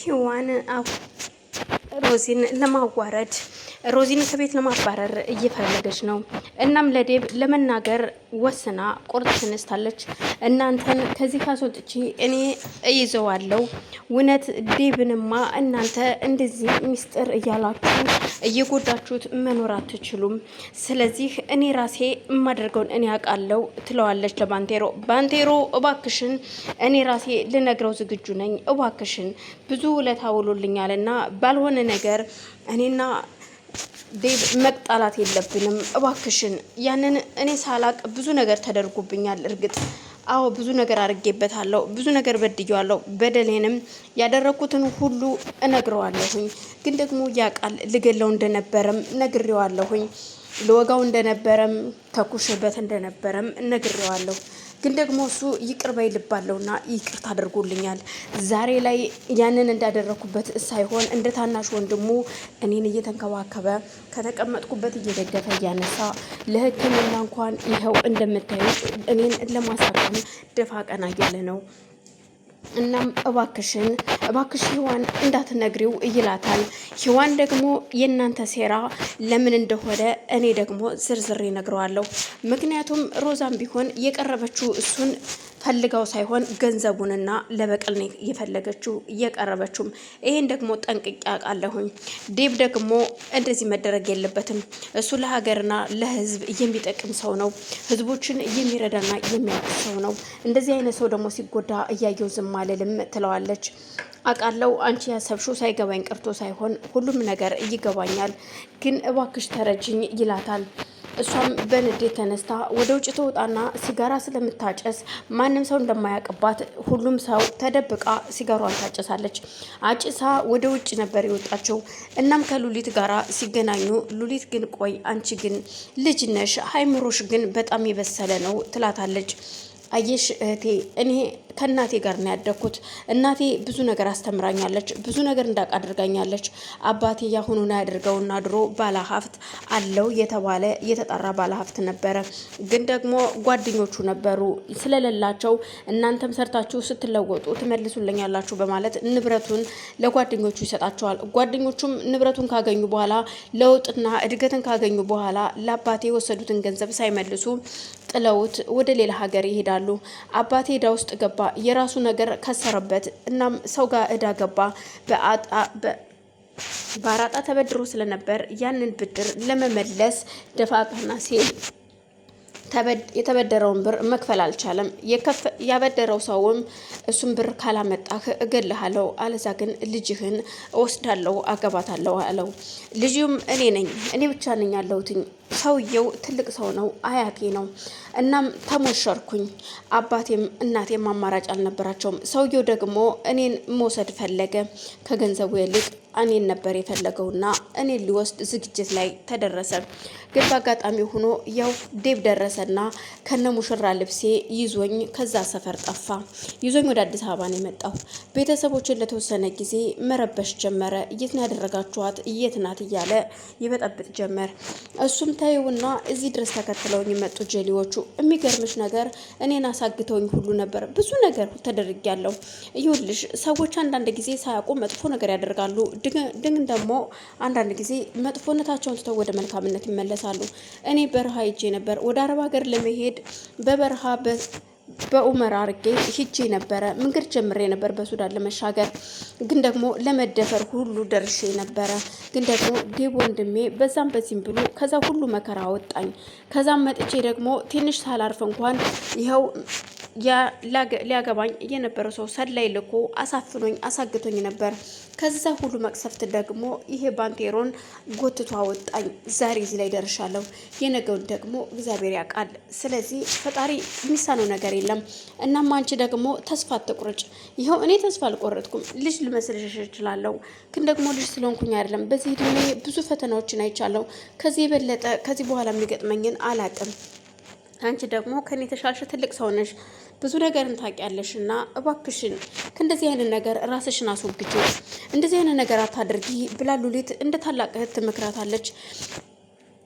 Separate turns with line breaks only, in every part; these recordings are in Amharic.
ህዋን ሮዚን ለማዋረድ ሮዚን ከቤት ለማባረር እየፈለገች ነው። እናም ለዴብ ለመናገር ወስና ቁርጥ ትነስታለች። እናንተን ከዚህ ካስወጥቼ እኔ እይዘዋለሁ። እውነት ዴብንማ እናንተ እንደዚህ ሚስጥር እያላችሁ እየጎዳችሁት መኖር አትችሉም። ስለዚህ እኔ ራሴ የማደርገውን እኔ አውቃለሁ ትለዋለች ለባንቴሮ። ባንቴሮ እባክሽን እኔ ራሴ ልነግረው ዝግጁ ነኝ፣ እባክሽን ብዙ ውለታ ውሎልኛል እና ባልሆነ ነገር እኔና ዴብ መቅጣላት የለብንም እባክሽን። ያንን እኔ ሳላቅ ብዙ ነገር ተደርጎብኛል እርግጥ አዎ ብዙ ነገር አድርጌበታለሁ፣ ብዙ ነገር በድየዋለሁ። በደሌንም ያደረኩትን ሁሉ እነግረዋለሁኝ። ግን ደግሞ ያቃል ልገለው እንደነበረም ነግሬዋለሁኝ። ልወጋው እንደነበረም ተኩሽበት እንደነበረም ነግሬዋለሁ። ግን ደግሞ እሱ ይቅር ባይ ልብ አለውና ይቅር ታደርጎልኛል። ዛሬ ላይ ያንን እንዳደረኩበት ሳይሆን እንደ ታናሽ ወንድሙ እኔን እየተንከባከበ ከተቀመጥኩበት እየደገፈ እያነሳ ለሕክምና እንኳን ይኸው እንደምታዩት እኔን ለማሳከም ደፋ ቀና እያለ ነው። እናም እባክሽን እባክሽ ሂዋን እንዳትነግሪው ይላታል። ሂዋን ደግሞ የእናንተ ሴራ ለምን እንደሆነ እኔ ደግሞ ዝርዝር ይነግረዋለሁ። ምክንያቱም ሮዛም ቢሆን የቀረበችው እሱን ፈልጋው ሳይሆን ገንዘቡንና ለበቀል ነው የፈለገችው እየቀረበችውም። ይሄን ደግሞ ጠንቅቄ አውቃለሁኝ። ዴብ ደግሞ እንደዚህ መደረግ የለበትም እሱ ለሀገርና ለሕዝብ የሚጠቅም ሰው ነው። ሕዝቦችን የሚረዳና የሚያውቅ ሰው ነው። እንደዚህ አይነት ሰው ደግሞ ሲጎዳ እያየው ዝም አልልም ትለዋለች። አቃለው አንቺ ያሰብሽው ሳይገባኝ ቀርቶ ሳይሆን ሁሉም ነገር ይገባኛል፣ ግን እባክሽ ተረጅኝ ይላታል። እሷም በንዴት ተነስታ ወደ ውጭ ትወጣና ሲጋራ ስለምታጨስ ማንም ሰው እንደማያውቅባት ሁሉም ሰው ተደብቃ ሲጋሯን ታጨሳለች። አጭሳ ወደ ውጭ ነበር የወጣችው። እናም ከሉሊት ጋር ሲገናኙ ሉሊት ግን ቆይ አንቺ ግን ልጅ ነሽ፣ ሀይምሮሽ ግን በጣም የበሰለ ነው ትላታለች። አየሽ እህቴ እኔ ከእናቴ ጋር ነው ያደግኩት። እናቴ ብዙ ነገር አስተምራኛለች፣ ብዙ ነገር እንዳቅ አድርጋኛለች። አባቴ ያሁኑን ያደርገውና ድሮ ባለሀብት አለው የተባለ የተጣራ ባለሀብት ነበረ። ግን ደግሞ ጓደኞቹ ነበሩ ስለሌላቸው እናንተም ሰርታችሁ ስትለወጡ ትመልሱልኛላችሁ በማለት ንብረቱን ለጓደኞቹ ይሰጣቸዋል። ጓደኞቹም ንብረቱን ካገኙ በኋላ ለውጥና እድገትን ካገኙ በኋላ ለአባቴ የወሰዱትን ገንዘብ ሳይመልሱ ጥለውት ወደ ሌላ ሀገር ይሄዳሉ። አባቴ ዕዳ ውስጥ ገባ፣ የራሱ ነገር ከሰረበት። እናም ሰው ጋር ዕዳ ገባ። በአራጣ ተበድሮ ስለነበር ያንን ብድር ለመመለስ ደፋ ቀና ሲል የተበደረውን ብር መክፈል አልቻለም። ያበደረው ሰውም እሱን ብር ካላመጣህ እገልሃለው፣ አለዛ ግን ልጅህን ወስዳለው አገባታለው አለው። ልጅም እኔ ነኝ እኔ ብቻ ነኝ ያለሁትኝ ሰውየው ትልቅ ሰው ነው፣ አያቴ ነው። እናም ተሞሸርኩኝ። አባቴም እናቴም አማራጭ አልነበራቸውም። ሰውየው ደግሞ እኔን መውሰድ ፈለገ ከገንዘቡ ይልቅ እኔን ነበር የፈለገውና እኔን ሊወስድ ዝግጅት ላይ ተደረሰ። ግን በአጋጣሚ ሆኖ ያው ዴብ ደረሰና ከነ ሙሽራ ልብሴ ይዞኝ ከዛ ሰፈር ጠፋ። ይዞኝ ወደ አዲስ አበባ ነው የመጣው። ቤተሰቦችን ለተወሰነ ጊዜ መረበሽ ጀመረ። የት ነው ያደረጋችኋት? የት ናት? እያለ ይበጠብጥ ጀመር። እሱም ታየውና እዚህ ድረስ ተከትለውኝ መጡ ጀሌዎቹ። የሚገርምሽ ነገር እኔን አሳግተውኝ ሁሉ ነበር። ብዙ ነገር ተደርጊያለሁ። ይሁልሽ ሰዎች አንዳንድ ጊዜ ሳያውቁ መጥፎ ነገር ያደርጋሉ። ድግን ደግሞ አንዳንድ ጊዜ መጥፎነታቸውን ትተው ወደ መልካምነት ይመለሳሉ። እኔ በረሃ ሄጄ ነበር። ወደ አረብ ሀገር ለመሄድ በበረሃ በኡመር አርጌ ሂጄ ነበረ። መንገድ ጀምሬ ነበር በሱዳን ለመሻገር ግን ደግሞ ለመደፈር ሁሉ ደርሼ ነበረ። ግን ደግሞ ዴብ ወንድሜ በዛም በዚህም ብሎ ከዛ ሁሉ መከራ አወጣኝ። ከዛም መጥቼ ደግሞ ትንሽ ሳላርፍ እንኳን ይኸው ሊያገባኝ የነበረው ሰው ሰላይ ልኮ አሳፍኖኝ አሳግቶኝ ነበር። ከዛ ሁሉ መቅሰፍት ደግሞ ይሄ ባንቴሮን ጎትቶ አወጣኝ። ዛሬ እዚህ ላይ ደርሻለሁ። የነገውን ደግሞ እግዚአብሔር ያውቃል። ስለዚህ ፈጣሪ የሚሳነው ነገር የለም። እናም አንቺ ደግሞ ተስፋ አትቁረጭ። ይኸው እኔ ተስፋ አልቆረጥኩም። ልጅ ልመስልሽ እችላለሁ፣ ግን ደግሞ ልጅ ስለሆንኩኝ አይደለም። በዚህ ዕድሜ ብዙ ፈተናዎችን አይቻለሁ። ከዚህ የበለጠ ከዚህ በኋላ የሚገጥመኝን አላቅም። አንቺ ደግሞ ከኔ የተሻልሽ ትልቅ ሰው ነሽ፣ ብዙ ነገርን ታውቂያለሽ እና እባክሽን ከእንደዚህ አይነት ነገር ራስሽን አስወግጂ፣ እንደዚህ አይነት ነገር አታድርጊ ብላ ሉሊት እንደ ታላቅ እህት ትመክራታለች።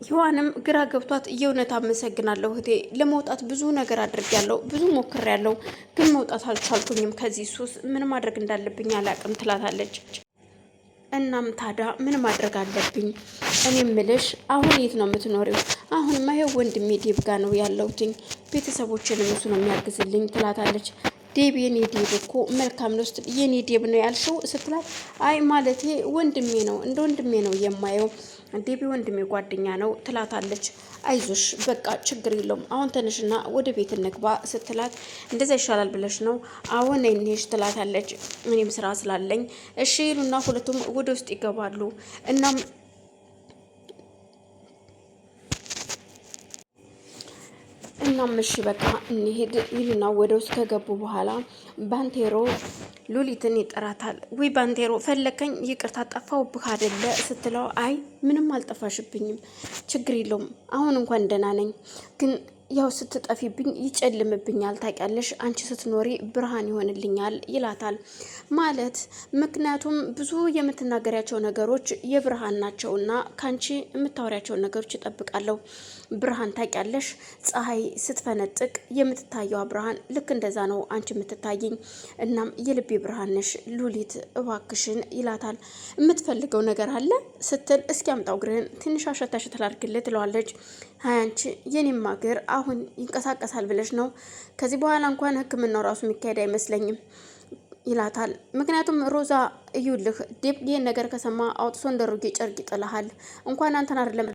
ይዋንም ግራ ገብቷት የእውነት አመሰግናለሁ እህቴ፣ ለመውጣት ብዙ ነገር አድርጊያለሁ፣ ብዙ ሞክሬያለሁ፣ ግን መውጣት አልቻልኩኝም ከዚህ ሱስ፣ ምን ማድረግ እንዳለብኝ አላቅም ትላታለች። እናም ታዲያ ምን ማድረግ አለብኝ? እኔ ምልሽ አሁን የት ነው የምትኖሪው? አሁንማ ይሄው ወንድሜ ዴብ ጋ ነው ያለሁትኝ ቤተሰቦችንም እሱ ነው የሚያግዝልኝ ትላታለች። ዴብ የኔ ዴብ እኮ መልካም ነው ስትል የኔ ዴብ ነው ያልሽው ስትላት፣ አይ ማለቴ ወንድሜ ነው እንደ ወንድሜ ነው የማየው ዴብ ወንድሜ ጓደኛ ነው ትላታለች። አይዞሽ በቃ ችግር የለውም አሁን ተነሽና ወደ ቤት እንግባ ስትላት፣ እንደዛ ይሻላል ብለሽ ነው አሁን እንሄሽ ትላታለች። እኔም ስራ ስላለኝ እሺ ይሉና ሁለቱም ወደ ውስጥ ይገባሉ እናም እናም እሺ በቃ እንሄድ ይሉና ወደ ውስጥ ከገቡ በኋላ ባንቴሮ ሉሊትን ይጠራታል። ወይ ባንቴሮ ፈለከኝ? ይቅርታ ጠፋሁብህ አይደለ ስትለው አይ ምንም አልጠፋሽብኝም፣ ችግር የለውም አሁን እንኳን ደህና ነኝ ግን ያው ስትጠፊብኝ ይጨልምብኛል፣ ታውቂያለሽ፣ አንቺ ስትኖሪ ብርሃን ይሆንልኛል ይላታል። ማለት ምክንያቱም ብዙ የምትናገሪያቸው ነገሮች የብርሃን ናቸውና ከአንቺ የምታወሪያቸውን ነገሮች ይጠብቃለሁ። ብርሃን ታውቂያለሽ፣ ፀሐይ ስትፈነጥቅ የምትታየዋ ብርሃን ልክ እንደዛ ነው አንቺ የምትታየኝ። እናም የልቤ ብርሃን ነሽ ሉሊት፣ እባክሽን ይላታል። የምትፈልገው ነገር አለ ስትል እስኪ አምጣው እግርህን ትንሽ አሸታሸት ላድርግልህ ትለዋለች። ሀያንቺ የኔም ሀገር አሁን ይንቀሳቀሳል ብለሽ ነው? ከዚህ በኋላ እንኳን ህክምናው ራሱ የሚካሄድ አይመስለኝም ይላታል። ምክንያቱም ሮዛ እዩልህ ዴብ ይህን ነገር ከሰማ አውጥሶ እንደ ሮጌ ጨርቅ ይጥልሃል። እንኳን አንተን አይደለም